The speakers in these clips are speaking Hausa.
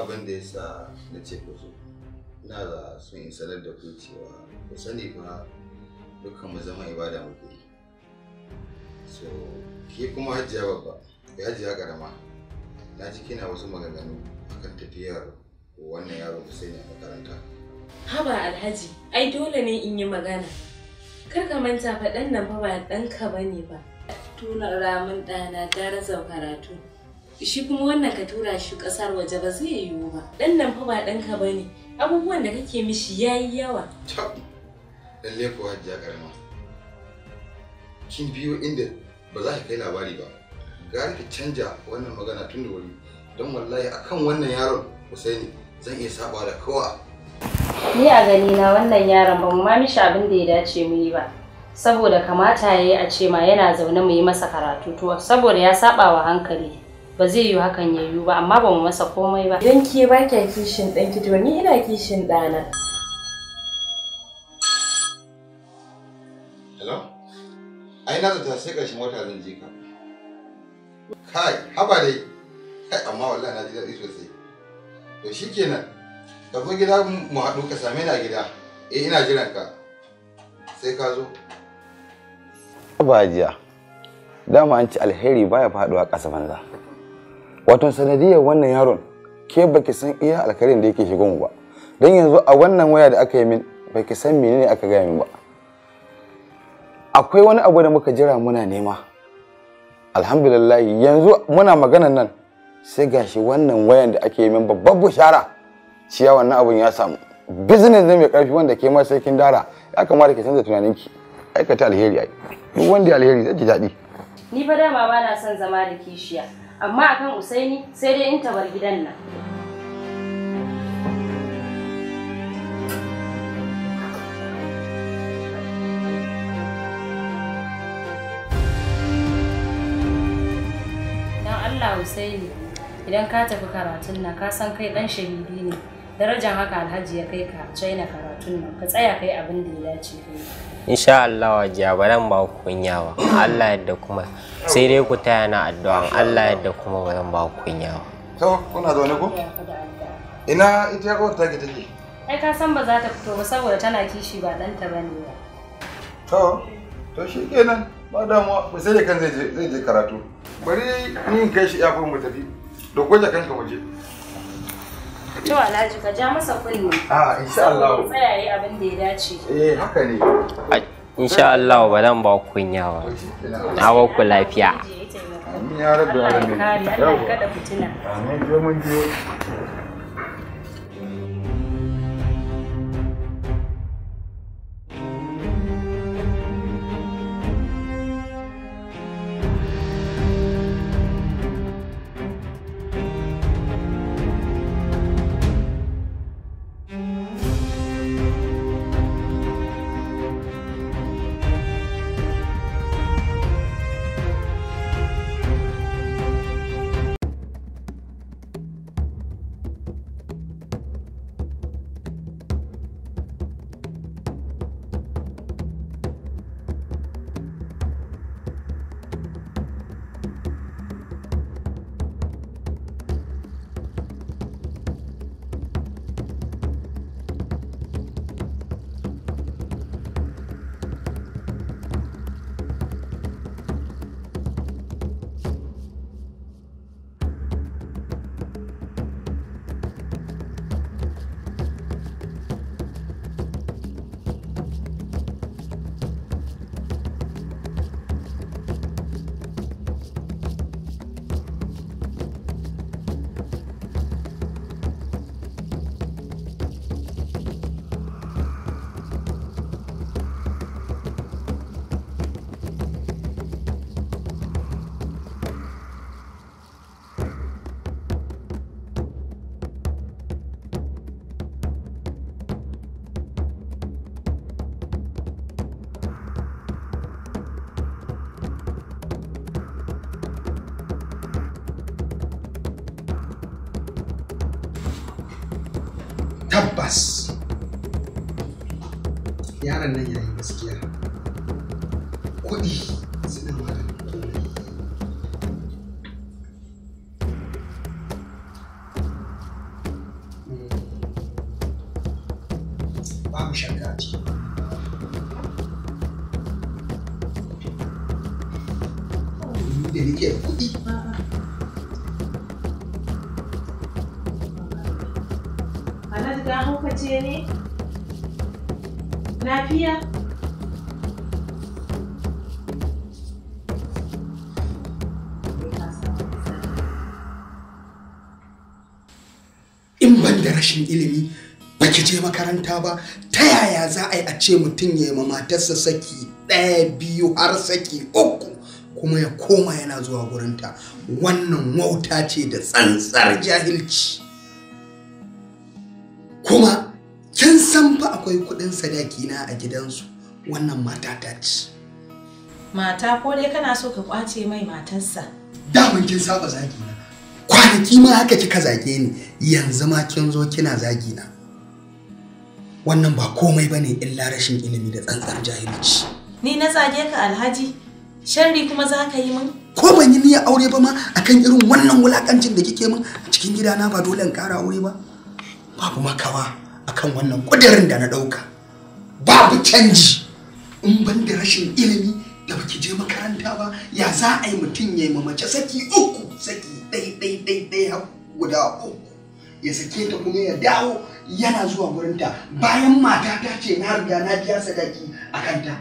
abin da ya sa na ce ku zo ina da sun yi sanar da ku cewa ku sani ba dukkan mu zama ibada muke yi so ke kuma hajjiya babba ya hajjiya karama na ji kina wasu maganganu akan tafiyar wannan yaro ne a makaranta haba alhaji ai dole ne in yi magana kar ka manta faɗan nan fa ba ɗanka bane ba tuna ramin ɗana ta rasa karatu shi kuma wannan ka tura shi kasar waje ba zai yiwu ba dan nan fa ba ɗanka ba ne abubuwan da kake mishi ya yi yawa lalle kuwa hajiya karama kin biyo inda ba za ka kai labari ba gara ka canja wannan magana tun da wuri don wallahi akan wannan yaron Husaini zan iya saba da kowa ni a gani na wannan yaron ba mu ma mishi abin da ya dace mu yi ba saboda kamata yayi a ce ma yana zaune mu yi masa karatu to saboda ya saba wa hankali ba zai yi hakan ya yiwu ba amma ba mu masa komai ba idan ke ba kya kishin ɗanki to ni ina kishin ɗana hello ai na zata sai shi wata zan je ka kai haba dai kai amma wallahi na ji daɗi sosai to shikenan ka zo gida mu haɗu ka same ni a gida eh ina jiran ka sai ka zo ba jiya dama an ci alheri baya faɗuwa ƙasa banza wato sanadiyar wannan yaron ke baki san iya alkarin da yake shigo mu ba don yanzu a wannan waya da aka yi min baki san menene aka gaya min ba akwai wani abu da muka jira muna nema alhamdulillah yanzu muna maganan nan sai gashi wannan wayan da ake yi min babbar bushara ciya wannan abun ya samu business ne mai karfi wanda ke ma sai kin dara ya kamata ki canza tunaninki aikata alheri ai duk wanda alheri zai ji daɗi ni fa dama ba na son zama da kishiya amma akan usaini sai dai in tabar gidan nan dan allah usaini idan ka tafi karatun nan ka san kai dan shahidi ne darajar haka alhaji ya kai ka china karatun nan ka tsaya kai abin da ya dace kai insha Allah wajiya baran ba ku kunya ba Allah yadda kuma sai dai ku taya na addu'a Allah yadda kuma baran ba ku kunya ba to kuna zaune ko ina ita ko ta ki take ai ka san ba za ta fito ba saboda tana kishi ba dan ta bane ba to to shi kenan ba mu ba sai da kan zai je karatu bari ni kai shi ya mu tafi da kanka waje To Alhaji ka ja masa kunni. A ah, insha Allah. Tsaya yi abin da ya dace. Eh haka ne. Insha Allah ba zan ba ku kunya ba. Oh, Na ba ku lafiya. Amin ya rabbi alamin. fitina. Amin mun tabbas yaron nan yayi gaskiya kuɗi suna maganin komai hmm. babu shakka a da nake kuɗi na haukace ne lafiya in ban da rashin ilimi ba ki je makaranta ba ta yaya za a yi a ce mutum ya yi ma matarsa saki ɗaya biyu har saki uku kuma ya koma yana zuwa gurinta wannan wauta ce da tsantsar jahilci kuma kin san fa akwai kuɗin sadaki na a gidansu wannan mata ta ci mata ko dai kana so ka kwace mai matarsa daman kin saba zagi na kwanaki ma haka kika zage ni yanzu ma kin zo kina zagi na wannan ba komai bane illa rashin ilimi da tsantsar jahilci ni na zage ka alhaji sharri kuma za ka yi min ko ban yi niyyar aure ba ma akan irin wannan wulakancin da kike min a cikin gidana ba dole in kara aure ba babu makawa akan wannan kudirin da na dauka babu canji in ban da rashin ilimi da baki je makaranta ba ya za a yi mutum ya yi mace saki uku saki ɗai ɗai ɗai ɗai guda uku ya sake ta kuma ya dawo yana zuwa wurinta bayan mata ta ce na riga na biya sadaki a kanta.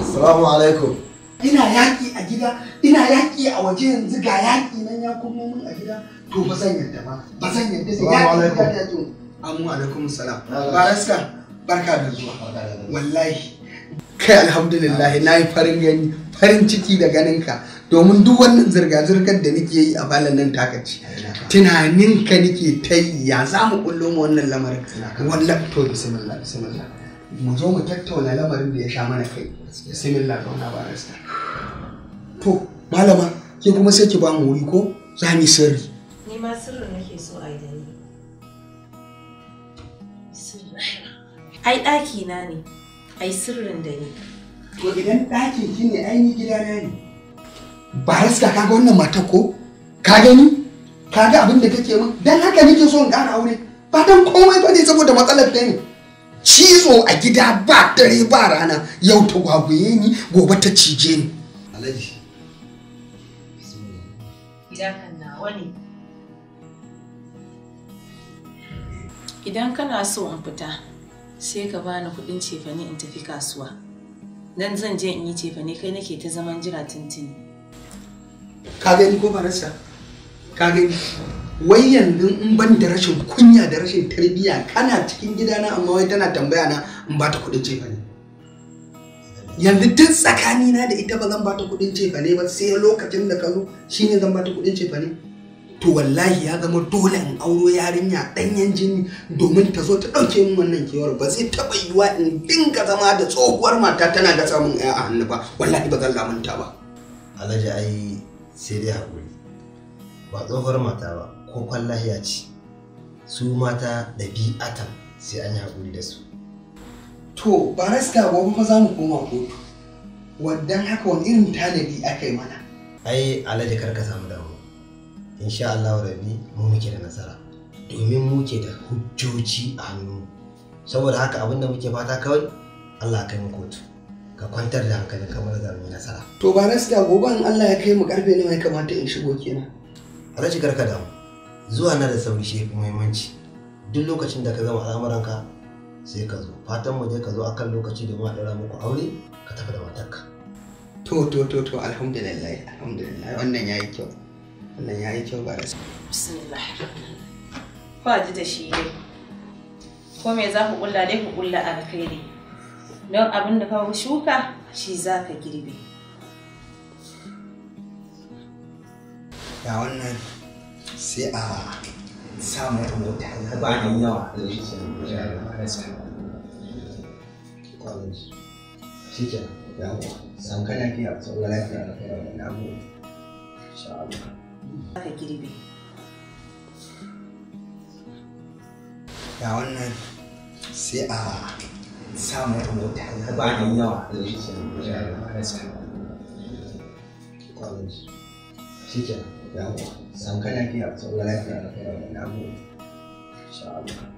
Assalamu alaikum. ina yaƙi a gida ina yaƙi a waje yanzu ga yaƙi nan ya kuma mun a gida to ba zan yarda ba ba zan yarda sai yaƙi ta to amma alaikum salam baraska barka da zuwa wallahi kai alhamdulillah na yi farin gani farin ciki da ganinka domin duk wannan zirga-zirgar da nake yi a balan nan takaci tunaninka nake ta yi ya za mu kullo wannan lamarin wallahi to bismillah bismillah mu zo mu tattauna lamarin da ya sha mana kai ba zauna barista to malama ke kuma sai ki ba mu wuri ko za mu sirri ni ma sirrin nake so a yi da ni ai ɗaki na ne ai sirrin da ni to idan ɗakin ki ne ai ni gida na ne barista kaga wannan mata ko ka gani kaga abin da kake min dan haka nake so in ƙara aure ba dan komai ba ne saboda matsalar ta ne cizo a gida ba dare ba rana yau ta gwagwaye ni gobe ta cije ni alhaji idan kana so in fita sai ka bani kudin cefane in tafi kasuwa dan zan je in yi cefane kai nake ta zaman jira tintini ka gani ko rasa ka wai yanzu in ban da rashin kunya da rashin tarbiyya kana cikin gidana amma wai tana tambaya na in ba ta kuɗin cefa ne yanzu duk tsakanina da ita ba zan ba ta kuɗin cefa ne ba sai lokacin da ka zo shine zan ba ta kuɗin cefa ne to wallahi ya zama dole in auro yarinya danyen jini domin ta zo ta ɗauke min wannan kewar ba zai taɓa yiwuwa in dinga zama da tsohuwar mata tana ga samun 'ya a hannu ba wallahi ba zan lamunta ba alhaji ai sai dai hakuri ba tsohuwar mata ba ko kwallahiya ce su mata da ɗabi'atan sai an yi haƙuri da su to ba raska gobe kuma za mu koma kotu wadan haka wani irin tanadi aka yi mana ai alhaji kar ka samu damu insha Allah rabbi mu muke da nasara domin muke da hujjoji a hannu saboda haka abinda muke fata kawai Allah kai mu kotu ka kwantar da hankalin kamar da mu nasara to ba rasta gobe in Allah ya kai mu karfe nawa ya kamata in shigo kenan alhaji ka damu zuwa na da sauri shi muhimmanci duk lokacin da ka al'amuran al'amuranka sai ka zo fatan mu ka zo akan lokaci da ma dara muku aure ka tafi da matarka to to to to alhamdulillah alhamdulillah wannan yayi kyau wannan yayi kyau ba rasu bismillah ba ji da shi dai ko me za ku kulla dai ku kulla alkhairi don abin da ka shuka shi za ka girbe ga wannan sai a samu mota ba da yawa da shi ke shi ke lafiya da kai da namu insha Allah ka girbe ga wannan sai a samu mota ba da yawa da shi ke shi ke yawa samu kana lafiya saboda lafiya na kai da abubuwa insha